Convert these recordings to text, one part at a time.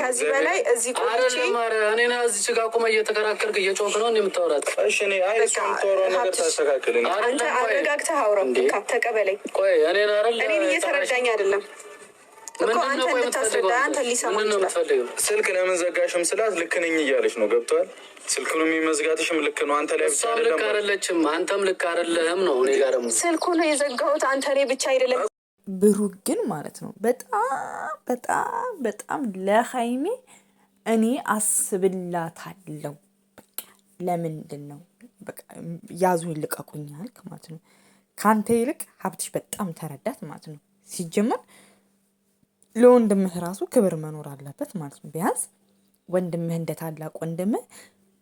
ከዚህ በላይ እዚህ ቆይቼ እኔና እዚህ ጋ ቁመ እየተከራከርክ እየጮክ ነው የምታወራት። አንተ አረጋግተህ አውራው ተቀበለኝ። እኔን እየተረዳኝ አይደለም ስልክ ለምን ዘጋሽም ስላት ልክ ነኝ እያለች ነው። ገብቷል። ስልኩን የሚመዝጋትሽም ልክ ነው። አንተ ላይ ብቻ ልክ አንተም ልክ አይደለህም ነው። እኔ ጋር ደግሞ ስልኩን የዘጋሁት አንተ ላይ ብቻ አይደለም ብሩክ ግን ማለት ነው በጣም በጣም በጣም ለሀይሜ እኔ አስብላታለሁ። ለምንድን ነው ያዙ ይልቀቁኝ አልክ ማለት ነው። ከአንተ ይልቅ ሀብትሽ በጣም ተረዳት ማለት ነው። ሲጀመር ለወንድምህ ራሱ ክብር መኖር አለበት ማለት ነው። ቢያንስ ወንድምህ እንደ ታላቅ ወንድምህ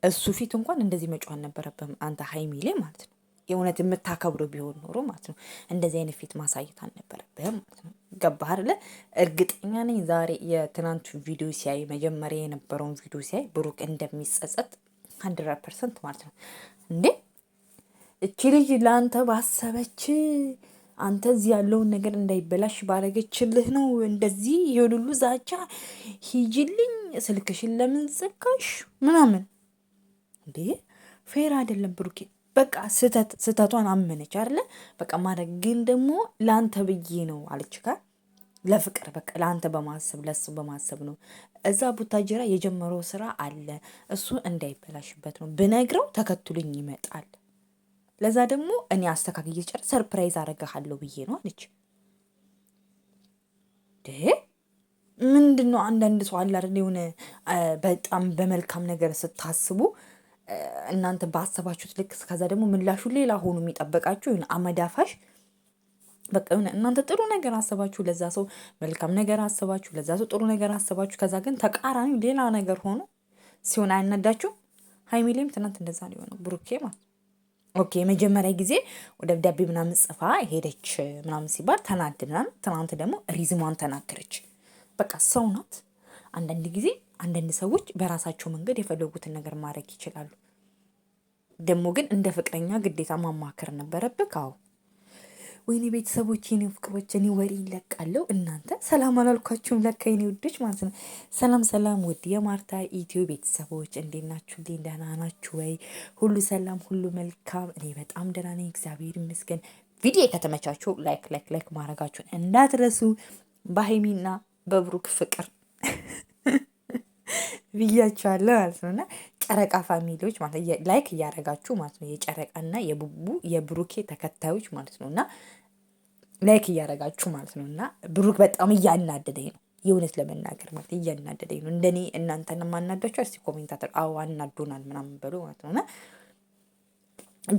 እሱ ፊት እንኳን እንደዚህ መጫወት አልነበረብህም አንተ ሀይሚሌ ማለት ነው። የእውነት የምታከብረው ቢሆን ኖሮ ማለት ነው እንደዚህ አይነት ፊት ማሳየት አልነበረብህም ማለት ነው። ገባህ አይደለ? እርግጠኛ ነኝ ዛሬ የትናንቱ ቪዲዮ ሲያይ መጀመሪያ የነበረውን ቪዲዮ ሲያይ ብሩክ እንደሚጸጸት ሀንድረድ ፐርሰንት ማለት ነው። እንዴ እቺ ልጅ ለአንተ ባሰበች አንተ እዚህ ያለውን ነገር እንዳይበላሽ ባረገችልህ ነው እንደዚህ ይሄን ሁሉ ዛቻ። ሂጂልኝ ስልክሽን ለምን ዘጋሽ ምናምን እንዴ ፌር አይደለም ብሩኬ። በቃ ስህተት ስህተቷን አመነች አይደለ? በቃ ማድረግ ግን ደግሞ ለአንተ ብዬ ነው አለች ጋር ለፍቅር በቃ ለአንተ በማሰብ ለሱ በማሰብ ነው። እዛ ቡታጅራ የጀመረው ስራ አለ እሱ እንዳይበላሽበት ነው ብነግረው ተከትሉኝ ይመጣል። ለዛ ደግሞ እኔ አስተካክዬ ጨር ሰርፕራይዝ አረጋሃለሁ ብዬ ነው አለች። ምንድን ነው አንዳንድ ሰው አላር የሆነ በጣም በመልካም ነገር ስታስቡ እናንተ ባሰባችሁት ልክ ከዛ ደግሞ ምላሹ ሌላ ሆኖ የሚጠበቃችሁ ይሁን አመዳፋሽ በቃ እናንተ ጥሩ ነገር አሰባችሁ፣ ለዛ ሰው መልካም ነገር አሰባችሁ፣ ለዛ ሰው ጥሩ ነገር አሰባችሁ፣ ከዛ ግን ተቃራኒ ሌላ ነገር ሆኖ ሲሆን አያናዳችሁ? ሀይሚሌም ትናንት እንደዛ ሊሆነ ብሩኬ ማለት ኦኬ፣ የመጀመሪያ ጊዜ ደብዳቤ ምናምን ጽፋ ሄደች ምናምን ሲባል ተናድናል። ትናንት ደግሞ ሪዝሟን ተናገረች። በቃ ሰው ናት። አንዳንድ ጊዜ አንዳንድ ሰዎች በራሳቸው መንገድ የፈለጉትን ነገር ማድረግ ይችላሉ። ደግሞ ግን እንደ ፍቅረኛ ግዴታ ማማከር ነበረብክ። አዎ ወይኔ ቤተሰቦች፣ የኔ ፍቅሮች፣ እኔ ወሬ ይለቃለሁ። እናንተ ሰላም አላልኳችሁም ለካ የኔ ውዶች ማለት ነው። ሰላም ሰላም፣ ውድ የማርታ ኢትዮ ቤተሰቦች እንዴት ናችሁልኝ? ደህና ናችሁ ወይ? ሁሉ ሰላም፣ ሁሉ መልካም። እኔ በጣም ደህና ነኝ፣ እግዚአብሔር ይመስገን። ቪዲዮ ከተመቻችሁ ላይክ ላይክ ላይክ ማድረጋችሁን እንዳትረሱ። በሀይሚና በብሩክ ፍቅር ብያችኋለሁ ማለት ነው እና ጨረቃ ፋሚሊዎች ማለት ላይክ እያረጋችሁ ማለት ነው። የጨረቃና የቡቡ የብሩኬ ተከታዮች ማለት ነው እና ላይክ እያረጋችሁ ማለት ነው እና ብሩክ በጣም እያናደደኝ ነው የእውነት ለመናገር ማለት እያናደደኝ ነው። እንደኔ እናንተን ማናዳችሁ እስቲ ኮሜንታተር አዎ አናዶናል ምናምን በሉ ማለት ነው እና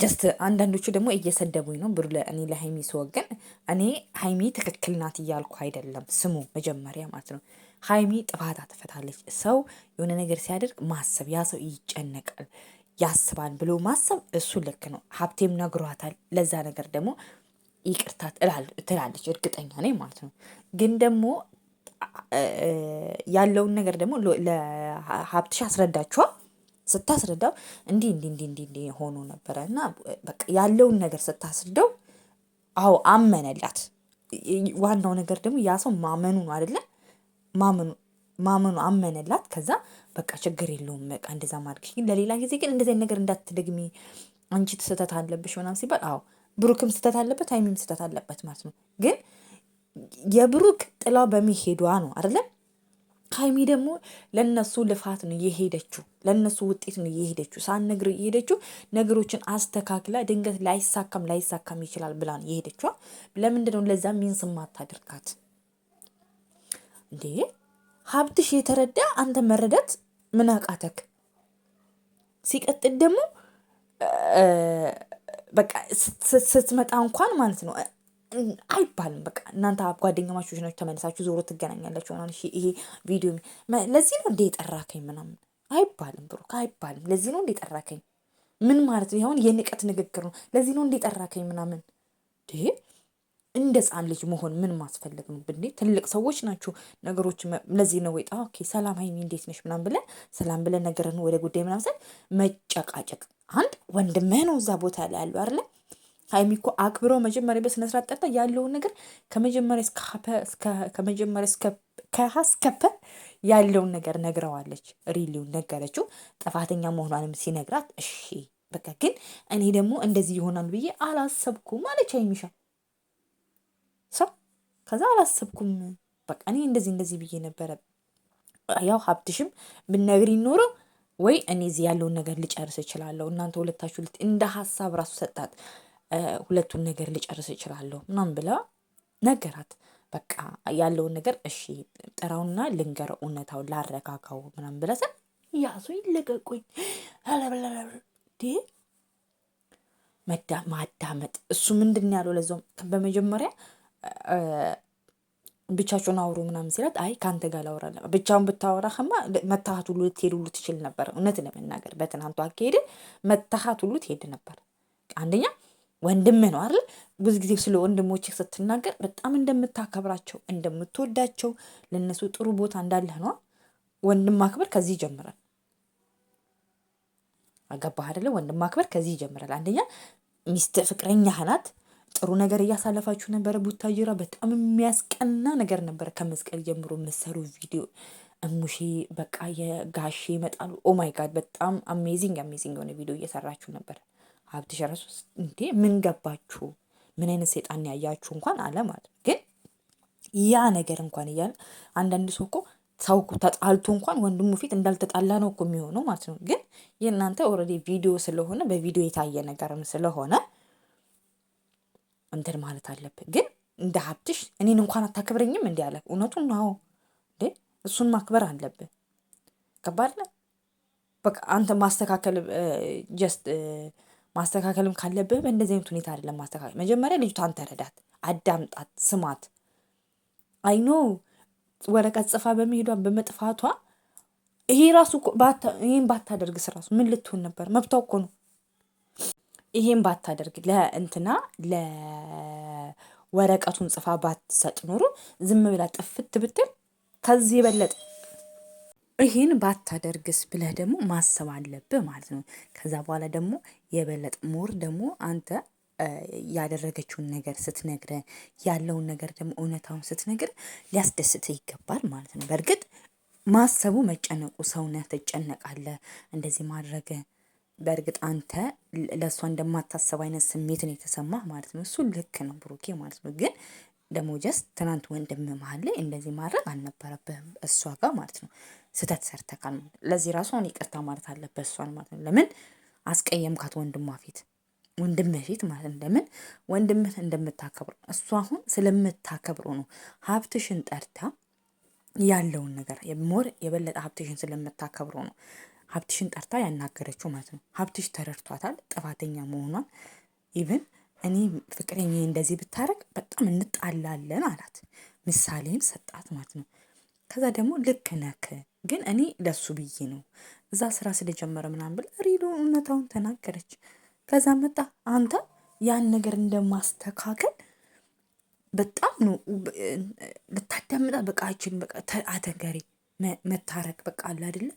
ጀስት አንዳንዶቹ ደግሞ እየሰደቡኝ ነው ብሩ እኔ ለሀይሚ ስወገን እኔ ሀይሚ ትክክል ናት እያልኩ አይደለም። ስሙ መጀመሪያ ማለት ነው ሀይሚ ጥፋት አትፈታለች። ሰው የሆነ ነገር ሲያደርግ ማሰብ ያ ሰው ይጨነቃል፣ ያስባል ብሎ ማሰብ እሱ ልክ ነው። ሀብቴም ነግሯታል። ለዛ ነገር ደግሞ ይቅርታ ትላለች፣ እርግጠኛ ነኝ ማለት ነው። ግን ደግሞ ያለውን ነገር ደግሞ ለሀብትሽ አስረዳችኋል ስታስረዳው እንዲህ እንዲህ እንዲህ እንዲህ እንዲህ ሆኖ ነበረ እና በቃ ያለውን ነገር ስታስረዳው አዎ አመነላት። ዋናው ነገር ደግሞ ያ ሰው ማመኑ ነው አይደለ? ማመኑ ማመኑ አመነላት። ከዛ በቃ ችግር የለውም በቃ እንደዛ ማድረግሽ ግን ለሌላ ጊዜ ግን እንደዚህ ነገር እንዳትደግሚ አንቺ ስህተት አለብሽ ምናምን ሲባል አዎ ብሩክም ስህተት አለበት፣ ሀይሚም ስህተት አለበት ማለት ነው። ግን የብሩክ ጥላው በሚሄዷ ነው አይደለም። ሀይሚ ደግሞ ለነሱ ልፋት ነው እየሄደችው ለነሱ ውጤት ነው የሄደችው፣ ሳትነግር እየሄደችው ነገሮችን አስተካክላ ድንገት ላይሳካም ላይሳካም ይችላል ብላ ነው የሄደችዋ። ለምንድነው ለዛ ሚንስ ማታደርጋት? እንዴ ሀብትሽ የተረዳ አንተ መረዳት ምን አቃተክ? ሲቀጥል ደግሞ በቃ ስትመጣ እንኳን ማለት ነው አይባልም። በቃ እናንተ ጓደኛማቾች ናችሁ፣ ተመልሳችሁ ዞሮ ትገናኛላችሁ። ሆና ይሄ ቪዲዮ ለዚህ ነው እንደ የጠራከኝ ምናምን አይባልም። ብሩክ አይባልም። ለዚህ ነው እንደ የጠራከኝ ምን ማለት ነው? ይኸውን የንቀት ንግግር ነው። ለዚህ ነው እንደ የጠራከኝ ምናምን እንደ ህፃን ልጅ መሆን ምን ማስፈለግ ነው? ብንዴ ትልቅ ሰዎች ናችሁ ነገሮች ለዚህ ነው ወይጣ ኦኬ፣ ሰላም ሀይሚ እንዴት ነሽ ምናም ብለ ሰላም ብለ ነገርን ወደ ጉዳይ ምናምን ሰል መጨቃጨቅ አንድ ወንድምህ ነው እዛ ቦታ ላይ ያለው አለ ሀይሚ እኮ አክብሮ መጀመሪያ በስነስርዓት ጠርታ ያለውን ነገር ከመጀመሪያ ከመጀመሪያ ከሀ እስከ ፐ ያለውን ነገር ነግረዋለች። ሪሊውን ነገረችው። ጥፋተኛ መሆኗንም ሲነግራት እሺ በቃ ግን እኔ ደግሞ እንደዚህ ይሆናል ብዬ አላሰብኩም ማለች ሀይሚሻ ከዛ አላሰብኩም። በቃ እኔ እንደዚህ እንደዚህ ብዬ ነበረ። ያው ሀብትሽም ብነግር ይኖረ ወይ እኔ እዚህ ያለውን ነገር ልጨርስ እችላለሁ፣ እናንተ ሁለታችሁ እንደ ሀሳብ ራሱ ሰጣት፣ ሁለቱን ነገር ልጨርስ እችላለሁ ምናምን ብላ ነገራት። በቃ ያለውን ነገር እሺ ጥራውና ልንገረው፣ እውነታው ላረጋጋው ምናምን ብላ ስል ይለቀቁኝ ማዳመጥ እሱ ምንድን ያለው ለዛውም በመጀመሪያ ብቻችሁን አውሩ ምናምን ሲላት፣ አይ ከአንተ ጋር ላውራ ብቻውን ብታወራህማ መታሀት ሁሉ ልትሄድ ሁሉ ትችል ነበር። እውነት ለመናገር በትናንቱ አካሄድ መታሀት ሁሉ ትሄድ ነበር። አንደኛ ወንድም ነው አይደል? ብዙ ጊዜ ስለ ወንድሞች ስትናገር በጣም እንደምታከብራቸው እንደምትወዳቸው፣ ለነሱ ጥሩ ቦታ እንዳለህ ነው። ወንድም ማክበር ከዚህ ይጀምራል። አገባህ አይደለ? ወንድም ማክበር ከዚህ ይጀምራል። አንደኛ ሚስት ፍቅረኛህ ናት። ጥሩ ነገር እያሳለፋችሁ ነበረ። ቡታጅራ በጣም የሚያስቀና ነገር ነበረ። ከመስቀል ጀምሮ የምሰሩ ቪዲዮ እሙሼ በቃ የጋሼ ይመጣሉ። ኦማይ ጋድ በጣም አሜዚንግ አሜዚንግ የሆነ ቪዲዮ እየሰራችሁ ነበር። ሀብትሽ እራሱ እንዴ ምን ገባችሁ? ምን አይነት ሴጣን ያያችሁ እንኳን አለ ማለት ግን ያ ነገር እንኳን እያለ አንዳንድ ሰው እኮ ሰው ተጣልቶ እንኳን ወንድሙ ፊት እንዳልተጣላ ነው እኮ የሚሆነው ማለት ነው። ግን የእናንተ ኦልሬዲ ቪዲዮ ስለሆነ በቪዲዮ የታየ ነገርም ስለሆነ እንትን ማለት አለብህ። ግን እንደ ሀብትሽ እኔን እንኳን አታክብረኝም እንዲ አለ። እውነቱን ነው እንዴ? እሱን ማክበር አለብህ። ከባድ በቃ አንተ ማስተካከል ጀስት ማስተካከልም ካለብህ በእንደዚህ አይነት ሁኔታ አይደለም ማስተካከል። መጀመሪያ ልጅቷን ተረዳት፣ አዳምጣት፣ ስማት። አይኖ ወረቀት ጽፋ በመሄዷ በመጥፋቷ ይሄ ራሱ ይህን ባታደርግስ ራሱ ምን ልትሆን ነበር? መብቷ እኮ ነው። ይሄን ባታደርግ ለእንትና ለወረቀቱን ጽፋ ባትሰጥ ኖሮ ዝም ብላ ጥፍት ብትል ከዚህ የበለጠ ይህን ባታደርግስ ብለህ ደግሞ ማሰብ አለብህ ማለት ነው። ከዛ በኋላ ደግሞ የበለጠ ሞር ደግሞ አንተ ያደረገችውን ነገር ስትነግረ ያለውን ነገር ደግሞ እውነታውን ስትነግር ሊያስደስትህ ይገባል ማለት ነው። በእርግጥ ማሰቡ መጨነቁ ሰውነህ ትጨነቃለህ እንደዚህ ማድረገ በእርግጥ አንተ ለእሷ እንደማታሰብ አይነት ስሜት ነው የተሰማህ ማለት ነው። እሱ ልክ ነው ብሩኬ ማለት ነው። ግን ደግሞ ጀስ ትናንት ወንድም መሀል ላይ እንደዚህ ማድረግ አልነበረብህም እሷ ጋር ማለት ነው። ስህተት ሰርተካል። ለዚህ ራሱ አሁን ይቅርታ ማለት አለበት እሷን ማለት ነው። ለምን አስቀየምካት? ወንድሟ ፊት ወንድምህ ፊት ማለት ነው። ለምን ወንድምህ እንደምታከብር እሱ አሁን ስለምታከብሮ ነው ሀብትሽን ጠርታ ያለውን ነገር ሞር የበለጠ ሀብትሽን ስለምታከብሮ ነው ሀብትሽን ጠርታ ያናገረችው ማለት ነው። ሀብትሽ ተረድቷታል ጥፋተኛ መሆኗን። ኢቭን እኔ ፍቅረኛ እንደዚህ ብታረግ በጣም እንጣላለን አላት። ምሳሌም ሰጣት ማለት ነው። ከዛ ደግሞ ልክ ነክ ግን እኔ ለሱ ብዬ ነው እዛ ስራ ስለጀመረ ምናምን ብለ ሪዶ እውነታውን ተናገረች። ከዛ መጣ አንተ ያን ነገር እንደማስተካከል በጣም ነው ልታዳምጣ በቃችን በቃ አተገሬ መታረቅ በቃ አለ አይደለ?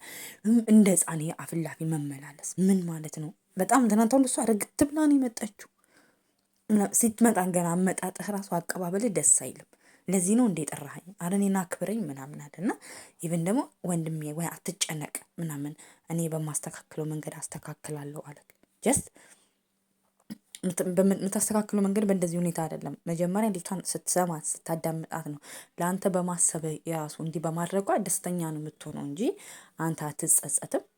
እንደ ህፃን አፍላፊ መመላለስ ምን ማለት ነው? በጣም ትናንት ሁሉ እሷ ርግት ብላ ነው የመጣችው። ስትመጣ ገና አመጣጥህ ራሱ አቀባበል ደስ አይልም። ለዚህ ነው እንዴ ጠራኸኝ አረኔና አክብረኝ ምናምን አለና፣ ኢቨን ደግሞ ወንድሜ ወይ አትጨነቅ ምናምን እኔ በማስተካክለው መንገድ አስተካክላለሁ አለ ጀስት የምታስተካክለው መንገድ በእንደዚህ ሁኔታ አይደለም። መጀመሪያ ልጅቷን ስትሰማት ስታዳምጣት ነው ለአንተ በማሰብ የራሱ እንዲህ በማድረጓ ደስተኛ ነው የምትሆነው እንጂ አንተ አትጸጸትም።